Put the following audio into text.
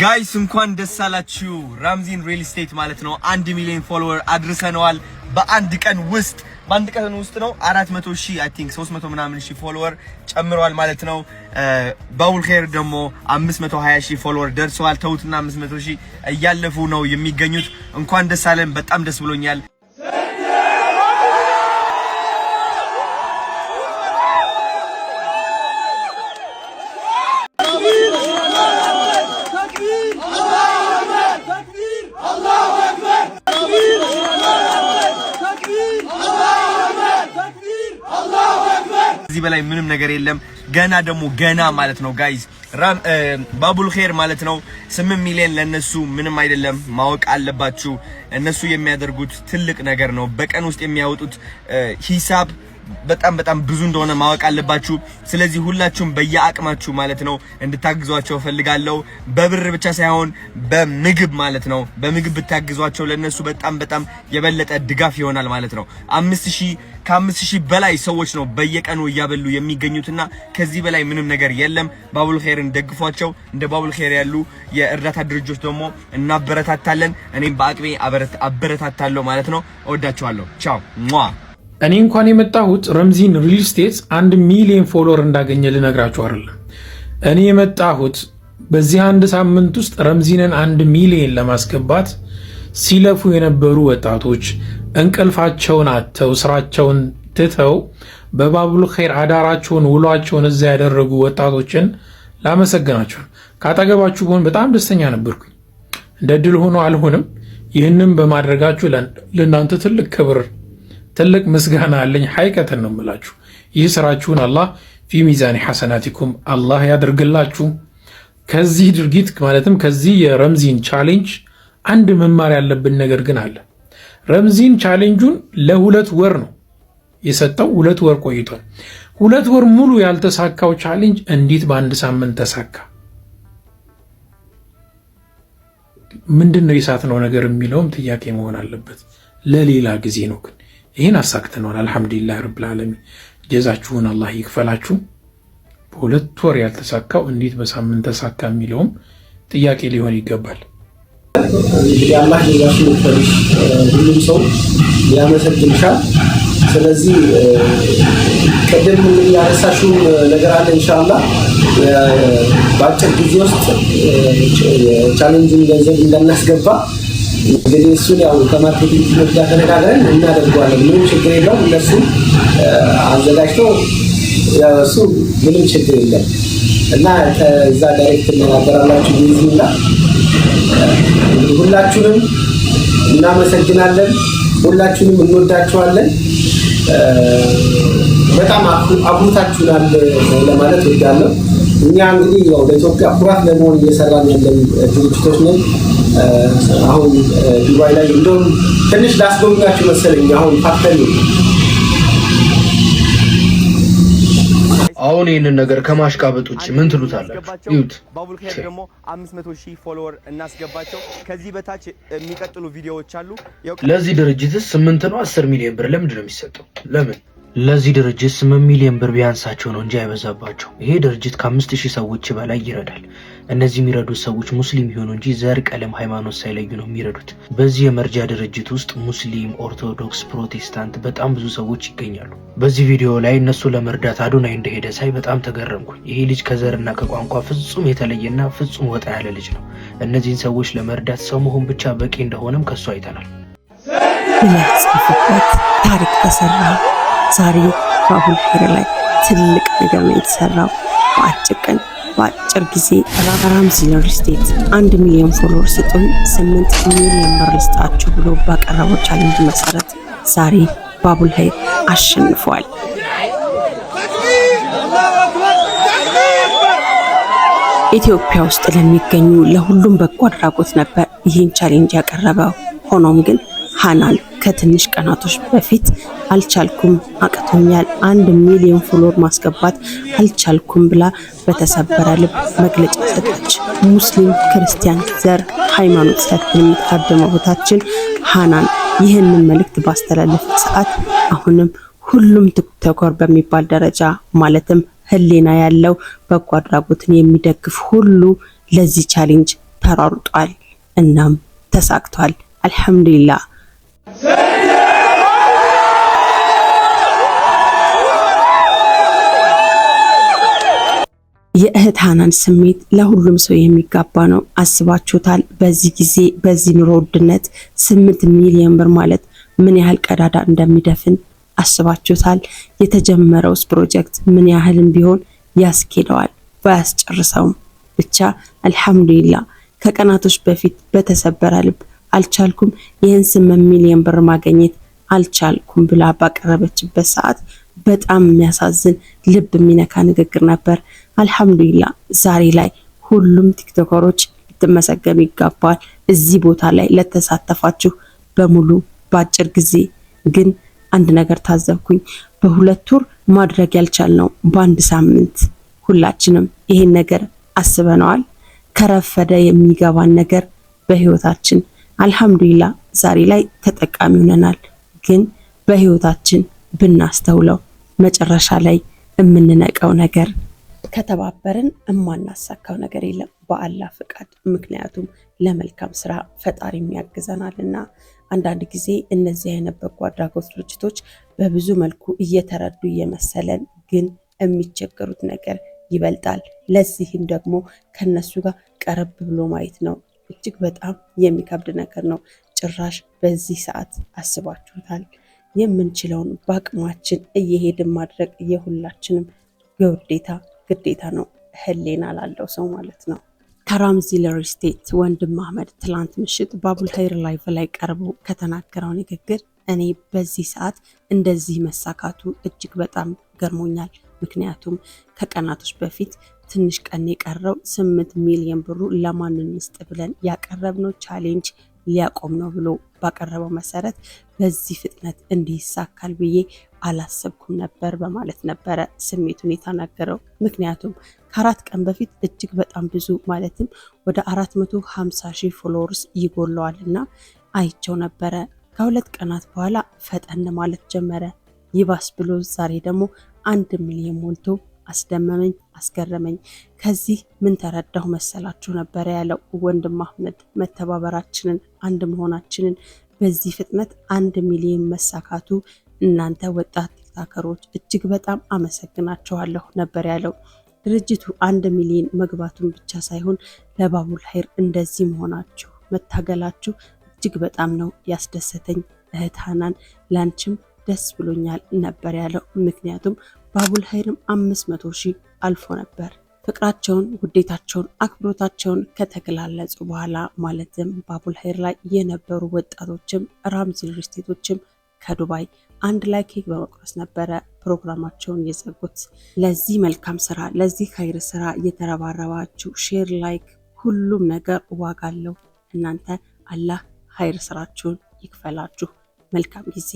ጋይስ እንኳን ደስ አላችሁ። ራምዚን ሪል ስቴት ማለት ነው አንድ ሚሊዮን ፎሎወር አድርሰነዋል በአንድ ቀን ውስጥ በአንድ ቀን ውስጥ ነው 400 ሺህ አይ ቲንክ 300 ምናምን ሺህ ፎሎወር ጨምረዋል ማለት ነው። ባቡል ኸይር ደግሞ 520 ሺህ ፎሎወር ደርሰዋል። ተውትና 500 ሺህ እያለፉ ነው የሚገኙት። እንኳን ደስ አለን። በጣም ደስ ብሎኛል። በላይ ምንም ነገር የለም። ገና ደግሞ ገና ማለት ነው ጋይዝ ባቡል ኸይር ማለት ነው። ስምንት ሚሊዮን ለነሱ ምንም አይደለም፣ ማወቅ አለባችሁ። እነሱ የሚያደርጉት ትልቅ ነገር ነው። በቀን ውስጥ የሚያወጡት ሂሳብ በጣም በጣም ብዙ እንደሆነ ማወቅ አለባችሁ። ስለዚህ ሁላችሁም በየአቅማችሁ ማለት ነው እንድታግዟቸው ፈልጋለሁ። በብር ብቻ ሳይሆን በምግብ ማለት ነው። በምግብ ብታግዟቸው ለነሱ በጣም በጣም የበለጠ ድጋፍ ይሆናል ማለት ነው። አምስት ሺህ ከአምስት ሺህ በላይ ሰዎች ነው በየቀኑ እያበሉ የሚገኙትና ከዚህ በላይ ምንም ነገር የለም። ባቡል ኸይርን ደግፏቸው። እንደ ባቡል ኸይር ያሉ የእርዳታ ድርጅቶች ደግሞ እናበረታታለን። እኔም በአቅሜ አበረታታለሁ ማለት ነው። እወዳችኋለሁ። ቻው ሟ እኔ እንኳን የመጣሁት ረምዚን ሪል ስቴትስ አንድ ሚሊዮን ፎሎወር እንዳገኘ ልነግራችሁ አይደለም። እኔ የመጣሁት በዚህ አንድ ሳምንት ውስጥ ረምዚንን አንድ ሚሊዮን ለማስገባት ሲለፉ የነበሩ ወጣቶች እንቅልፋቸውን አጥተው ስራቸውን ትተው በባቡል ኸይር አዳራቸውን ውሏቸውን እዛ ያደረጉ ወጣቶችን ላመሰግናቸው። ካጠገባችሁ ብሆን በጣም ደስተኛ ነበርኩኝ። እንደ ድል ሆኖ አልሆንም። ይህንም በማድረጋችሁ ለእናንተ ትልቅ ክብር ትልቅ ምስጋና አለኝ። ሐይቀትን ነው የምላችሁ። ይህ ስራችሁን አላህ ፊ ሚዛኒ ሐሰናቲኩም አላህ ያደርግላችሁ። ከዚህ ድርጊት ማለትም ከዚህ የረምዚን ቻሌንጅ አንድ መማር ያለብን ነገር ግን አለ። ረምዚን ቻሌንጁን ለሁለት ወር ነው የሰጠው። ሁለት ወር ቆይቷል። ሁለት ወር ሙሉ ያልተሳካው ቻሌንጅ እንዴት በአንድ ሳምንት ተሳካ? ምንድን ነው የሳት ነው ነገር የሚለውም ጥያቄ መሆን አለበት። ለሌላ ጊዜ ነው ግን ይህን አሳክተነዋል። አልሐምዱሊላህ ረብል ዓለሚን ጀዛችሁን አላህ ይክፈላችሁ። በሁለት ወር ያልተሳካው እንዴት በሳምንት ተሳካ የሚለውም ጥያቄ ሊሆን ይገባል። እንግዲህ አላህ ጀዛችሁን ሁሉም ሰው ሊያመሰግንሻል። ስለዚህ ቅድም ያነሳሽውም ነገር አለ ኢንሻአላህ በአጭር ጊዜ ውስጥ ቻሌንጅን ገንዘብ እንዳናስገባ እንግዲህ እሱን ያው ከማርኬቲንግ ቲሞች ጋር ተነጋግረን እናደርገዋለን። ምንም ችግር የለውም። እነሱ አዘጋጅተው እሱ ምንም ችግር የለም እና ከዛ ዳይሬክት እናገራላችሁ ጊዜና ሁላችሁንም እናመሰግናለን። ሁላችሁንም እንወዳችኋለን። በጣም አብሩታችሁናል ለማለት ወዳለሁ። እኛ እንግዲህ ያው ለኢትዮጵያ ኩራት ለመሆን እየሰራን ያለን ድርጅቶች ነን። አሁን ዱባይ ላይ እንደውም ትንሽ ላስጎብኛችሁ መሰለኝ። አሁን ፓርተን አሁን ይህንን ነገር ከማሽቃበጥ ውጭ ምን ትሉታላችሁ? ይሁት ባቡል ኸይር ደግሞ 500 ሺህ ፎሎወር እናስገባቸው። ከዚህ በታች የሚቀጥሉ ቪዲዮዎች አሉ። ለዚህ ድርጅትስ ስምንት ነው 10 ሚሊዮን ብር ለምንድን ነው የሚሰጠው? ለምን ለዚህ ድርጅት ስም ሚሊዮን ብር ቢያንሳቸው ነው እንጂ አይበዛባቸው። ይሄ ድርጅት ከ5000 ሰዎች በላይ ይረዳል። እነዚህ የሚረዱት ሰዎች ሙስሊም ይሆኑ እንጂ ዘር፣ ቀለም፣ ሃይማኖት ሳይለዩ ነው የሚረዱት። በዚህ የመርጃ ድርጅት ውስጥ ሙስሊም፣ ኦርቶዶክስ፣ ፕሮቴስታንት በጣም ብዙ ሰዎች ይገኛሉ። በዚህ ቪዲዮ ላይ እነሱ ለመርዳት አዶናይ እንደሄደ ሳይ በጣም ተገረምኩኝ። ይሄ ልጅ ከዘርና ከቋንቋ ፍጹም የተለየና ፍጹም ወጣ ያለ ልጅ ነው። እነዚህን ሰዎች ለመርዳት ሰው መሆን ብቻ በቂ እንደሆነም ከሱ አይተናል። ታሪክ ተሰራ ዛሬ በአሁን ሄር ላይ ትልቅ ነገር ነው የተሰራው። በአጭር ቀን በአጭር ጊዜ ራምዚ ሪል ስቴት አንድ ሚሊዮን ፎሎወር ስጡን ስምንት ሚሊዮን ብር ልስጣችሁ ብሎ ባቀረበው ቻሌንጅ መሰረት ዛሬ ባቡል ሀይር አሸንፏል። ኢትዮጵያ ውስጥ ለሚገኙ ለሁሉም በጎ አድራጎት ነበር ይህን ቻሌንጅ ያቀረበው። ሆኖም ግን ሃናን ከትንሽ ቀናቶች በፊት አልቻልኩም፣ አቅቶኛል፣ አንድ ሚሊዮን ፎሎወር ማስገባት አልቻልኩም ብላ በተሰበረ ልብ መግለጫ ሰጠች። ሙስሊም ክርስቲያን ዘር ሃይማኖት ሳትል የምትታደመው እህታችን ሃናን ይህንን መልእክት ባስተላለፈች ሰዓት አሁንም ሁሉም ቲክቶከር በሚባል ደረጃ ማለትም ህሊና ያለው በጎ አድራጎትን የሚደግፍ ሁሉ ለዚህ ቻሌንጅ ተሯሩጧል። እናም ተሳክቷል። አልሐምዱሊላህ የእህት ሀናን ስሜት ለሁሉም ሰው የሚጋባ ነው። አስባችሁታል? በዚህ ጊዜ በዚህ ኑሮ ውድነት ስምንት ሚሊዮን ብር ማለት ምን ያህል ቀዳዳ እንደሚደፍን አስባችሁታል? የተጀመረውስ ፕሮጀክት ምን ያህልም ቢሆን ያስኬደዋል ባያስጨርሰውም ብቻ አልሐምዱሊላ። ከቀናቶች በፊት በተሰበረ ልብ አልቻልኩም፣ ይህን ስምንት ሚሊዮን ብር ማግኘት አልቻልኩም ብላ ባቀረበችበት ሰዓት በጣም የሚያሳዝን ልብ የሚነካ ንግግር ነበር። አልሐምዱሊላ ዛሬ ላይ ሁሉም ቲክቶከሮች ልትመሰገኑ ይገባል። እዚህ ቦታ ላይ ለተሳተፋችሁ በሙሉ በአጭር ጊዜ ግን አንድ ነገር ታዘብኩኝ። በሁለት ወር ማድረግ ያልቻልነው በአንድ ሳምንት ሁላችንም ይሄን ነገር አስበነዋል። ከረፈደ የሚገባን ነገር በህይወታችን አልሐምዱሊላ ዛሬ ላይ ተጠቃሚ ሆነናል። ግን በህይወታችን ብናስተውለው መጨረሻ ላይ የምንነቀው ነገር ከተባበርን እማናሳካው ነገር የለም በአላህ ፍቃድ። ምክንያቱም ለመልካም ስራ ፈጣሪም ያግዘናል አንዳንድ ጊዜ እነዚህ አይነት በጎ አድራጎት ድርጅቶች በብዙ መልኩ እየተረዱ እየመሰለን ግን የሚቸገሩት ነገር ይበልጣል። ለዚህም ደግሞ ከነሱ ጋር ቀረብ ብሎ ማየት ነው እጅግ በጣም የሚከብድ ነገር ነው። ጭራሽ በዚህ ሰዓት አስባችሁታል። የምንችለውን በአቅማችን እየሄድን ማድረግ የሁላችንም የውዴታ ግዴታ ነው። ህሊና ላለው ሰው ማለት ነው። ከራምዚ ለሪስቴት ወንድም አህመድ ትላንት ምሽት በአቡል ሀይር ላይቭ ላይ ቀርቦ ከተናገረው ንግግር እኔ በዚህ ሰዓት እንደዚህ መሳካቱ እጅግ በጣም ገርሞኛል። ምክንያቱም ከቀናቶች በፊት ትንሽ ቀን የቀረው ስምንት ሚሊዮን ብሩ ለማን እንስጥ ብለን ያቀረብነው ቻሌንጅ ሊያቆም ነው ብሎ ባቀረበው መሰረት በዚህ ፍጥነት እንዲሳካል ብዬ አላሰብኩም ነበር በማለት ነበረ ስሜቱን የተናገረው። ምክንያቱም ከአራት ቀን በፊት እጅግ በጣም ብዙ ማለትም ወደ 450 ሺህ ፎሎወርስ ይጎለዋል አይቸው ነበረ። ከሁለት ቀናት በኋላ ፈጠን ማለት ጀመረ። ይባስ ብሎ ዛሬ ደግሞ አንድ ሚሊዮን ሞልቶ አስደመመኝ አስገረመኝ። ከዚህ ምን ተረዳሁ መሰላችሁ ነበረ ያለው ወንድም አህመድ መተባበራችንን፣ አንድ መሆናችንን በዚህ ፍጥነት አንድ ሚሊዮን መሳካቱ እናንተ ወጣት ቲክታከሮች እጅግ በጣም አመሰግናችኋለሁ ነበር ያለው። ድርጅቱ አንድ ሚሊዮን መግባቱን ብቻ ሳይሆን ለባቡል ሀይር እንደዚህ መሆናችሁ መታገላችሁ እጅግ በጣም ነው ያስደሰተኝ እህት ሃናን፣ ደስ ብሎኛል ነበር ያለው። ምክንያቱም በአቡል ሀይርም አምስት መቶ ሺህ አልፎ ነበር። ፍቅራቸውን፣ ውዴታቸውን፣ አክብሮታቸውን ከተገላለጹ በኋላ ማለትም በአቡል ሀይር ላይ የነበሩ ወጣቶችም ራምዚ ሪልስቴቶችም ከዱባይ አንድ ላይ ኬክ በመቁረስ ነበረ ፕሮግራማቸውን የዘጉት። ለዚህ መልካም ስራ ለዚህ ሀይር ስራ የተረባረባችሁ ሼር፣ ላይክ ሁሉም ነገር ዋጋ አለው። እናንተ አላህ ሀይር ስራችሁን ይክፈላችሁ። መልካም ጊዜ